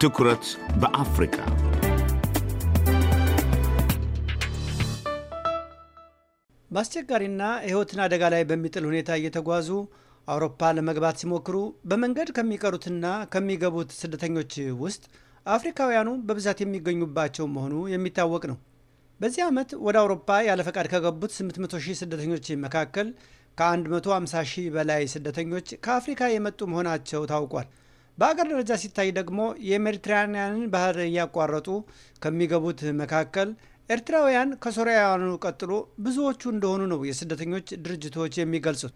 ትኩረት በአፍሪካ በአስቸጋሪና ሕይወትን አደጋ ላይ በሚጥል ሁኔታ እየተጓዙ አውሮፓ ለመግባት ሲሞክሩ በመንገድ ከሚቀሩትና ከሚገቡት ስደተኞች ውስጥ አፍሪካውያኑ በብዛት የሚገኙባቸው መሆኑ የሚታወቅ ነው። በዚህ ዓመት ወደ አውሮፓ ያለ ፈቃድ ከገቡት 800 ሺህ ስደተኞች መካከል ከ150 ሺህ በላይ ስደተኞች ከአፍሪካ የመጡ መሆናቸው ታውቋል። በአገር ደረጃ ሲታይ ደግሞ የሜዲትራንያንን ባህር እያቋረጡ ከሚገቡት መካከል ኤርትራውያን ከሶሪያውያኑ ቀጥሎ ብዙዎቹ እንደሆኑ ነው የስደተኞች ድርጅቶች የሚገልጹት።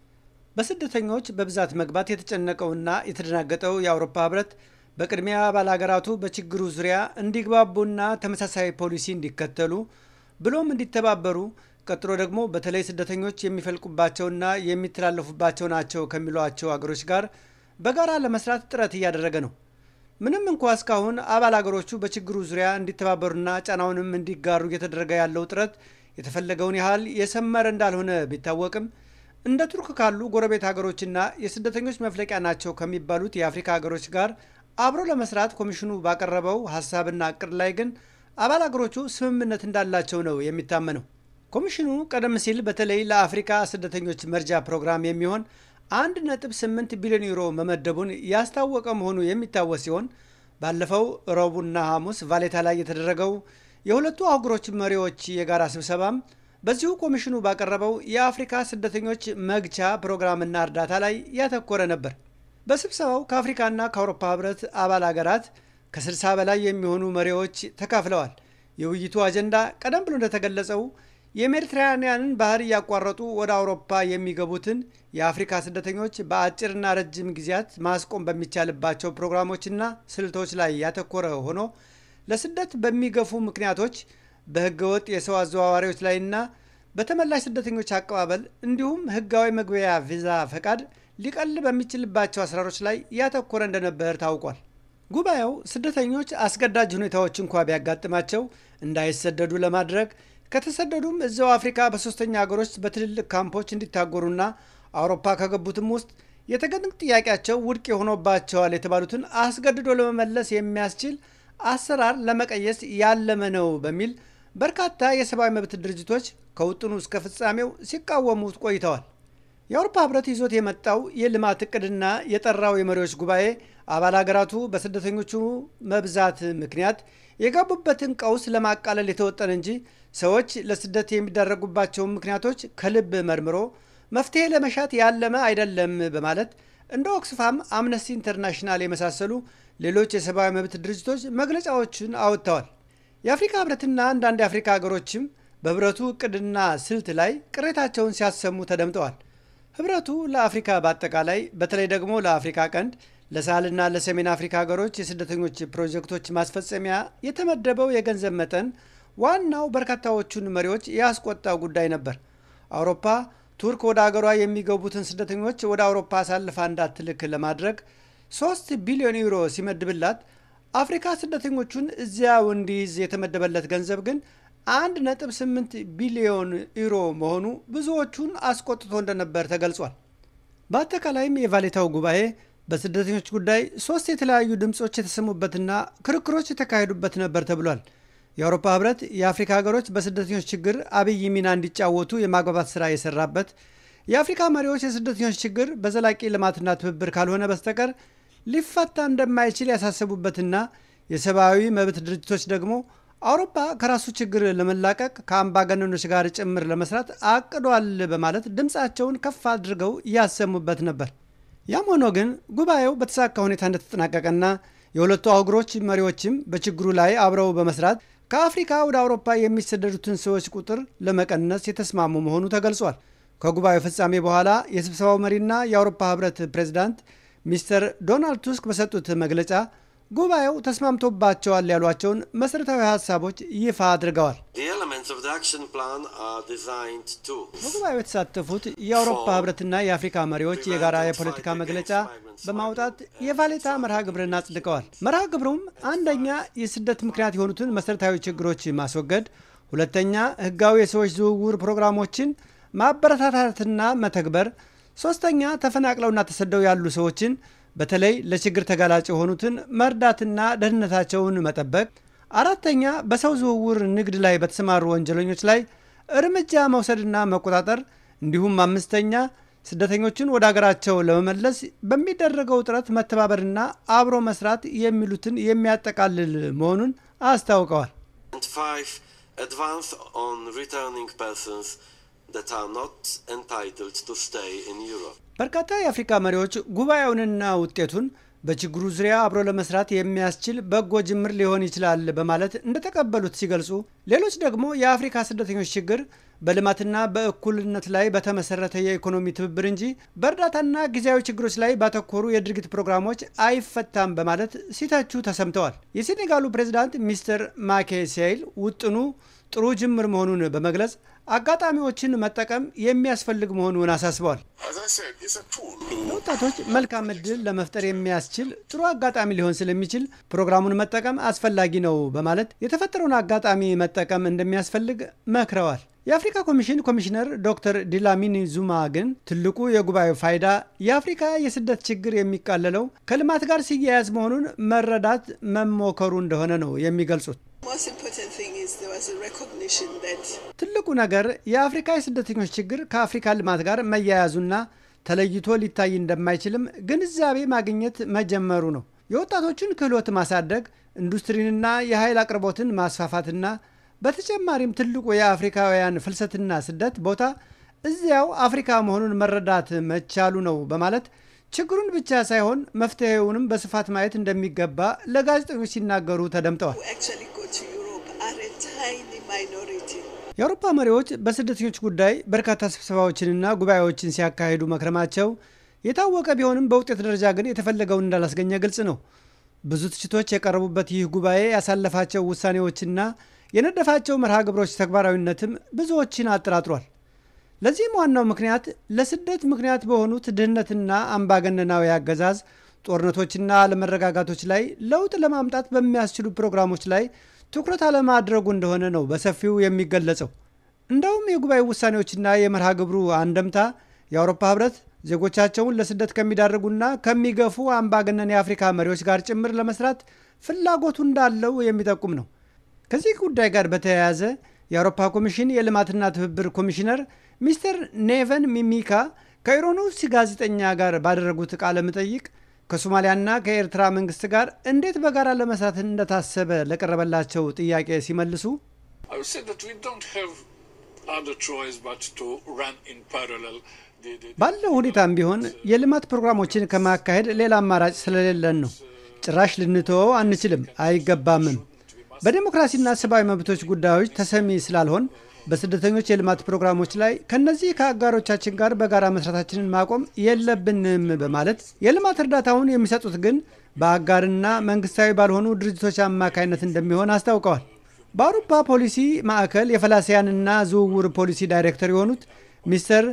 በስደተኞች በብዛት መግባት የተጨነቀውና የተደናገጠው የአውሮፓ ህብረት በቅድሚያ አባል ሀገራቱ በችግሩ ዙሪያ እንዲግባቡና ተመሳሳይ ፖሊሲ እንዲከተሉ ብሎም እንዲተባበሩ ቀጥሎ ደግሞ በተለይ ስደተኞች የሚፈልቁባቸውና የሚተላለፉባቸው ናቸው ከሚሏቸው አገሮች ጋር በጋራ ለመስራት ጥረት እያደረገ ነው። ምንም እንኳ እስካሁን አባል አገሮቹ በችግሩ ዙሪያ እንዲተባበሩና ጫናውንም እንዲጋሩ እየተደረገ ያለው ጥረት የተፈለገውን ያህል የሰመረ እንዳልሆነ ቢታወቅም እንደ ቱርክ ካሉ ጎረቤት ሀገሮችና የስደተኞች መፍለቂያ ናቸው ከሚባሉት የአፍሪካ ሀገሮች ጋር አብሮ ለመስራት ኮሚሽኑ ባቀረበው ሀሳብና እቅድ ላይ ግን አባል አገሮቹ ስምምነት እንዳላቸው ነው የሚታመነው። ኮሚሽኑ ቀደም ሲል በተለይ ለአፍሪካ ስደተኞች መርጃ ፕሮግራም የሚሆን 1.8 ቢሊዮን ዩሮ መመደቡን ያስታወቀ መሆኑ የሚታወስ ሲሆን ባለፈው ረቡዕና ሐሙስ ቫሌታ ላይ የተደረገው የሁለቱ አህጉሮች መሪዎች የጋራ ስብሰባም በዚሁ ኮሚሽኑ ባቀረበው የአፍሪካ ስደተኞች መግቻ ፕሮግራምና እርዳታ ላይ ያተኮረ ነበር። በስብሰባው ከአፍሪካና ከአውሮፓ ህብረት አባል አገራት ከ60 በላይ የሚሆኑ መሪዎች ተካፍለዋል። የውይይቱ አጀንዳ ቀደም ብሎ እንደተገለጸው የሜዲትራንያንን ባህር እያቋረጡ ወደ አውሮፓ የሚገቡትን የአፍሪካ ስደተኞች በአጭርና ረጅም ጊዜያት ማስቆም በሚቻልባቸው ፕሮግራሞችና ስልቶች ላይ ያተኮረ ሆኖ ለስደት በሚገፉ ምክንያቶች በህገወጥ የሰው አዘዋዋሪዎች ላይና በተመላሽ ስደተኞች አቀባበል እንዲሁም ህጋዊ መግቢያ ቪዛ ፈቃድ ሊቀል በሚችልባቸው አሰራሮች ላይ ያተኮረ እንደነበር ታውቋል። ጉባኤው ስደተኞች አስገዳጅ ሁኔታዎች እንኳ ቢያጋጥማቸው እንዳይሰደዱ ለማድረግ ከተሰደዱም እዚያው አፍሪካ በሶስተኛ ሀገሮች በትልልቅ ካምፖች እንዲታጎሩና አውሮፓ ከገቡትም ውስጥ የተገንቅ ጥያቄያቸው ውድቅ የሆኖባቸዋል የተባሉትን አስገድዶ ለመመለስ የሚያስችል አሰራር ለመቀየስ ያለመ ነው በሚል በርካታ የሰብአዊ መብት ድርጅቶች ከውጥኑ እስከ ፍጻሜው ሲቃወሙት ቆይተዋል። የአውሮፓ ህብረት ይዞት የመጣው የልማት እቅድና የጠራው የመሪዎች ጉባኤ አባል ሀገራቱ በስደተኞቹ መብዛት ምክንያት የገቡበትን ቀውስ ለማቃለል የተወጠነ እንጂ ሰዎች ለስደት የሚዳረጉባቸውን ምክንያቶች ከልብ መርምሮ መፍትሄ ለመሻት ያለመ አይደለም በማለት እንደ ኦክስፋም፣ አምነስቲ ኢንተርናሽናል የመሳሰሉ ሌሎች የሰብአዊ መብት ድርጅቶች መግለጫዎችን አወጥተዋል። የአፍሪካ ህብረትና አንዳንድ የአፍሪካ ሀገሮችም በህብረቱ እቅድና ስልት ላይ ቅሬታቸውን ሲያሰሙ ተደምጠዋል። ህብረቱ ለአፍሪካ በአጠቃላይ በተለይ ደግሞ ለአፍሪካ ቀንድ ለሳህልና ለሰሜን አፍሪካ ሀገሮች የስደተኞች ፕሮጀክቶች ማስፈጸሚያ የተመደበው የገንዘብ መጠን ዋናው በርካታዎቹን መሪዎች ያስቆጣው ጉዳይ ነበር። አውሮፓ ቱርክ ወደ አገሯ የሚገቡትን ስደተኞች ወደ አውሮፓ አሳልፋ እንዳትልክ ለማድረግ 3 ቢሊዮን ዩሮ ሲመድብላት አፍሪካ ስደተኞቹን እዚያው እንዲይዝ የተመደበለት ገንዘብ ግን 1.8 ቢሊዮን ዩሮ መሆኑ ብዙዎቹን አስቆጥቶ እንደነበር ተገልጿል። በአጠቃላይም የቫሌታው ጉባኤ በስደተኞች ጉዳይ ሶስት የተለያዩ ድምፆች የተሰሙበትና ክርክሮች የተካሄዱበት ነበር ተብሏል። የአውሮፓ ህብረት የአፍሪካ ሀገሮች በስደተኞች ችግር አብይ ሚና እንዲጫወቱ የማግባባት ስራ የሰራበት የአፍሪካ መሪዎች የስደተኞች ችግር በዘላቂ ልማትና ትብብር ካልሆነ በስተቀር ሊፈታ እንደማይችል ያሳሰቡበትና የሰብአዊ መብት ድርጅቶች ደግሞ አውሮፓ ከራሱ ችግር ለመላቀቅ ከአምባገነኖች ጋር ጭምር ለመስራት አቅዷል በማለት ድምፃቸውን ከፍ አድርገው ያሰሙበት ነበር። ያም ሆኖ ግን ጉባኤው በተሳካ ሁኔታ እንደተጠናቀቀና የሁለቱ አህጉሮች መሪዎችም በችግሩ ላይ አብረው በመስራት ከአፍሪካ ወደ አውሮፓ የሚሰደዱትን ሰዎች ቁጥር ለመቀነስ የተስማሙ መሆኑ ተገልጿል። ከጉባኤው ፍጻሜ በኋላ የስብሰባው መሪና የአውሮፓ ህብረት ፕሬዚዳንት ሚስተር ዶናልድ ቱስክ በሰጡት መግለጫ ጉባኤው ተስማምቶባቸዋል ያሏቸውን መሠረታዊ ሀሳቦች ይፋ አድርገዋል። በጉባኤው የተሳተፉት የአውሮፓ ህብረትና የአፍሪካ መሪዎች የጋራ የፖለቲካ መግለጫ በማውጣት የቫሌታ መርሃ ግብርን አጽድቀዋል። መርሃ ግብሩም አንደኛ የስደት ምክንያት የሆኑትን መሠረታዊ ችግሮች ማስወገድ፣ ሁለተኛ ህጋዊ የሰዎች ዝውውር ፕሮግራሞችን ማበረታታትና መተግበር፣ ሶስተኛ ተፈናቅለውና ተሰደው ያሉ ሰዎችን በተለይ ለችግር ተጋላጭ የሆኑትን መርዳትና ደህንነታቸውን መጠበቅ፣ አራተኛ በሰው ዝውውር ንግድ ላይ በተሰማሩ ወንጀለኞች ላይ እርምጃ መውሰድና መቆጣጠር፣ እንዲሁም አምስተኛ ስደተኞችን ወደ አገራቸው ለመመለስ በሚደረገው ጥረት መተባበርና አብሮ መስራት የሚሉትን የሚያጠቃልል መሆኑን አስታውቀዋል። that are not entitled to stay ኢን Europe. በርካታ የአፍሪካ መሪዎች ጉባኤውንና ውጤቱን በችግሩ ዙሪያ አብሮ ለመስራት የሚያስችል በጎ ጅምር ሊሆን ይችላል በማለት እንደተቀበሉት ሲገልጹ፣ ሌሎች ደግሞ የአፍሪካ ስደተኞች ችግር በልማትና በእኩልነት ላይ በተመሰረተ የኢኮኖሚ ትብብር እንጂ በእርዳታና ጊዜያዊ ችግሮች ላይ ባተኮሩ የድርጊት ፕሮግራሞች አይፈታም በማለት ሲተቹ ተሰምተዋል። የሴኔጋሉ ፕሬዚዳንት ሚስተር ማኬ ሴይል ውጥኑ ጥሩ ጅምር መሆኑን በመግለጽ አጋጣሚዎችን መጠቀም የሚያስፈልግ መሆኑን አሳስበዋል። ለወጣቶች መልካም እድል ለመፍጠር የሚያስችል ጥሩ አጋጣሚ ሊሆን ስለሚችል ፕሮግራሙን መጠቀም አስፈላጊ ነው በማለት የተፈጠረውን አጋጣሚ መጠቀም እንደሚያስፈልግ መክረዋል። የአፍሪካ ኮሚሽን ኮሚሽነር ዶክተር ዲላሚኒ ዙማ ግን ትልቁ የጉባኤው ፋይዳ የአፍሪካ የስደት ችግር የሚቃለለው ከልማት ጋር ሲያያዝ መሆኑን መረዳት መሞከሩ እንደሆነ ነው የሚገልጹት። ትልቁ ነገር የአፍሪካ የስደተኞች ችግር ከአፍሪካ ልማት ጋር መያያዙና ተለይቶ ሊታይ እንደማይችልም ግንዛቤ ማግኘት መጀመሩ ነው። የወጣቶችን ክህሎት ማሳደግ፣ ኢንዱስትሪንና የኃይል አቅርቦትን ማስፋፋትና በተጨማሪም ትልቁ የአፍሪካውያን ፍልሰትና ስደት ቦታ እዚያው አፍሪካ መሆኑን መረዳት መቻሉ ነው በማለት ችግሩን ብቻ ሳይሆን መፍትሄውንም በስፋት ማየት እንደሚገባ ለጋዜጠኞች ሲናገሩ ተደምጠዋል። ማይኖሪቲ የአውሮፓ መሪዎች በስደተኞች ጉዳይ በርካታ ስብሰባዎችንና ጉባኤዎችን ሲያካሂዱ መክረማቸው የታወቀ ቢሆንም በውጤት ደረጃ ግን የተፈለገውን እንዳላስገኘ ግልጽ ነው። ብዙ ትችቶች የቀረቡበት ይህ ጉባኤ ያሳለፋቸው ውሳኔዎችና የነደፋቸው መርሃ ግብሮች ተግባራዊነትም ብዙዎችን አጠራጥሯል። ለዚህም ዋናው ምክንያት ለስደት ምክንያት በሆኑት ድህነትና አምባገነናዊ አገዛዝ ጦርነቶችና አለመረጋጋቶች ላይ ለውጥ ለማምጣት በሚያስችሉ ፕሮግራሞች ላይ ትኩረት አለማድረጉ እንደሆነ ነው በሰፊው የሚገለጸው። እንደውም የጉባኤ ውሳኔዎችና የመርሃ ግብሩ አንደምታ የአውሮፓ ህብረት ዜጎቻቸውን ለስደት ከሚዳርጉና ከሚገፉ አምባገነን የአፍሪካ መሪዎች ጋር ጭምር ለመስራት ፍላጎቱ እንዳለው የሚጠቁም ነው። ከዚህ ጉዳይ ጋር በተያያዘ የአውሮፓ ኮሚሽን የልማትና ትብብር ኮሚሽነር ሚስተር ኔቨን ሚሚካ ከኢሮኑስ ጋዜጠኛ ጋር ባደረጉት ቃለ መጠይቅ ከሶማሊያና ከኤርትራ መንግስት ጋር እንዴት በጋራ ለመስራት እንደታሰበ ለቀረበላቸው ጥያቄ ሲመልሱ ባለው ሁኔታም ቢሆን የልማት ፕሮግራሞችን ከማካሄድ ሌላ አማራጭ ስለሌለን ነው። ጭራሽ ልንተወው አንችልም፣ አይገባምም። በዴሞክራሲና ሰብአዊ መብቶች ጉዳዮች ተሰሚ ስላልሆን በስደተኞች የልማት ፕሮግራሞች ላይ ከነዚህ ከአጋሮቻችን ጋር በጋራ መስራታችንን ማቆም የለብንም በማለት የልማት እርዳታውን የሚሰጡት ግን በአጋርና መንግስታዊ ባልሆኑ ድርጅቶች አማካይነት እንደሚሆን አስታውቀዋል። በአውሮፓ ፖሊሲ ማዕከል የፈላሲያንና ዝውውር ፖሊሲ ዳይሬክተር የሆኑት ሚስተር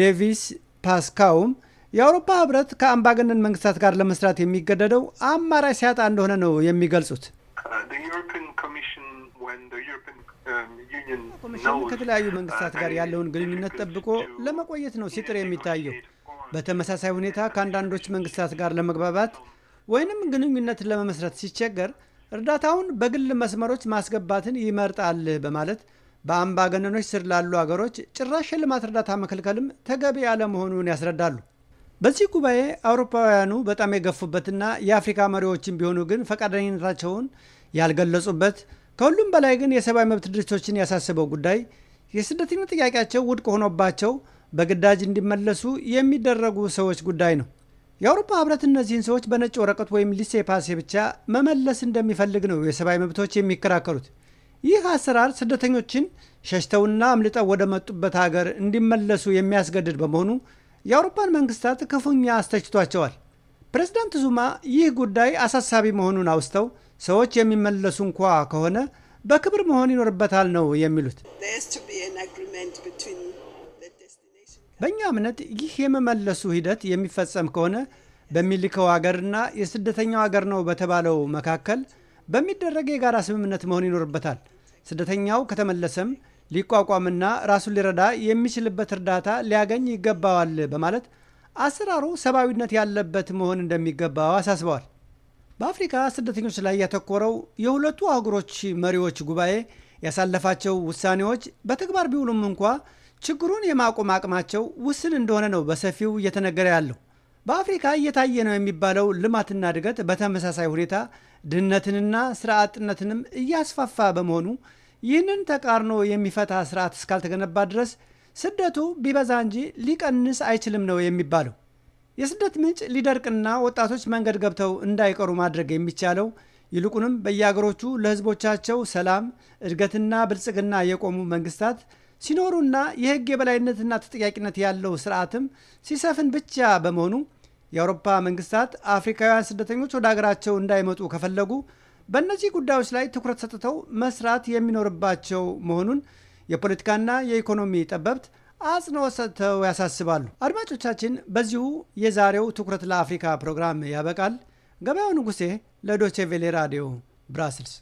ዴቪስ ፓስካውም የአውሮፓ ህብረት ከአምባገነን መንግስታት ጋር ለመስራት የሚገደደው አማራጭ ሲያጣ እንደሆነ ነው የሚገልጹት። ኮሚሽን uh, um, ከተለያዩ uh, መንግስታት ጋር ያለውን ግንኙነት ጠብቆ ለመቆየት ነው ሲጥር የሚታየው። በተመሳሳይ ሁኔታ ከአንዳንዶች መንግስታት ጋር ለመግባባት um, ወይንም ግንኙነት ለመመስረት ሲቸገር እርዳታውን በግል መስመሮች ማስገባትን ይመርጣል በማለት በአምባገነኖች ስር ላሉ አገሮች ጭራሽ የልማት እርዳታ መከልከልም ተገቢ ያለመሆኑን ያስረዳሉ። በዚህ ጉባኤ አውሮፓውያኑ በጣም የገፉበትና የአፍሪካ መሪዎችን ቢሆኑ ግን ፈቃደኝነታቸውን ያልገለጹበት ከሁሉም በላይ ግን የሰብአዊ መብት ድርጅቶችን ያሳሰበው ጉዳይ የስደተኞች ጥያቄያቸው ውድቅ ሆኖባቸው በግዳጅ እንዲመለሱ የሚደረጉ ሰዎች ጉዳይ ነው። የአውሮፓ ህብረት እነዚህን ሰዎች በነጭ ወረቀት ወይም ሊሴ ፓሴ ብቻ መመለስ እንደሚፈልግ ነው የሰብአዊ መብቶች የሚከራከሩት። ይህ አሰራር ስደተኞችን ሸሽተውና አምልጠው ወደ መጡበት ሀገር እንዲመለሱ የሚያስገድድ በመሆኑ የአውሮፓን መንግስታት ክፉኛ አስተችቷቸዋል። ፕሬዝዳንት ዙማ ይህ ጉዳይ አሳሳቢ መሆኑን አውስተው ሰዎች የሚመለሱ እንኳ ከሆነ በክብር መሆን ይኖርበታል ነው የሚሉት። በእኛ እምነት ይህ የመመለሱ ሂደት የሚፈጸም ከሆነ በሚልከው አገርና የስደተኛው አገር ነው በተባለው መካከል በሚደረግ የጋራ ስምምነት መሆን ይኖርበታል። ስደተኛው ከተመለሰም ሊቋቋምና ራሱን ሊረዳ የሚችልበት እርዳታ ሊያገኝ ይገባዋል በማለት አሰራሩ ሰብአዊነት ያለበት መሆን እንደሚገባው አሳስበዋል። በአፍሪካ ስደተኞች ላይ ያተኮረው የሁለቱ አህጉሮች መሪዎች ጉባኤ ያሳለፋቸው ውሳኔዎች በተግባር ቢውሉም እንኳ ችግሩን የማቆም አቅማቸው ውስን እንደሆነ ነው በሰፊው እየተነገረ ያለው። በአፍሪካ እየታየ ነው የሚባለው ልማትና እድገት በተመሳሳይ ሁኔታ ድህነትንና ስራ አጥነትንም እያስፋፋ በመሆኑ ይህንን ተቃርኖ የሚፈታ ስርዓት እስካልተገነባ ድረስ ስደቱ ቢበዛ እንጂ ሊቀንስ አይችልም ነው የሚባለው። የስደት ምንጭ ሊደርቅና ወጣቶች መንገድ ገብተው እንዳይቀሩ ማድረግ የሚቻለው ይልቁንም በየአገሮቹ ለህዝቦቻቸው ሰላም፣ እድገትና ብልጽግና የቆሙ መንግስታት ሲኖሩና የህግ የበላይነትና ተጠያቂነት ያለው ስርዓትም ሲሰፍን ብቻ በመሆኑ የአውሮፓ መንግስታት አፍሪካውያን ስደተኞች ወደ አገራቸው እንዳይመጡ ከፈለጉ በእነዚህ ጉዳዮች ላይ ትኩረት ሰጥተው መስራት የሚኖርባቸው መሆኑን የፖለቲካና የኢኮኖሚ ጠበብት አጽንኦት ሰጥተው ያሳስባሉ። አድማጮቻችን፣ በዚሁ የዛሬው ትኩረት ለአፍሪካ ፕሮግራም ያበቃል። ገበያው ንጉሴ ለዶቼ ቬሌ ራዲዮ ብራስልስ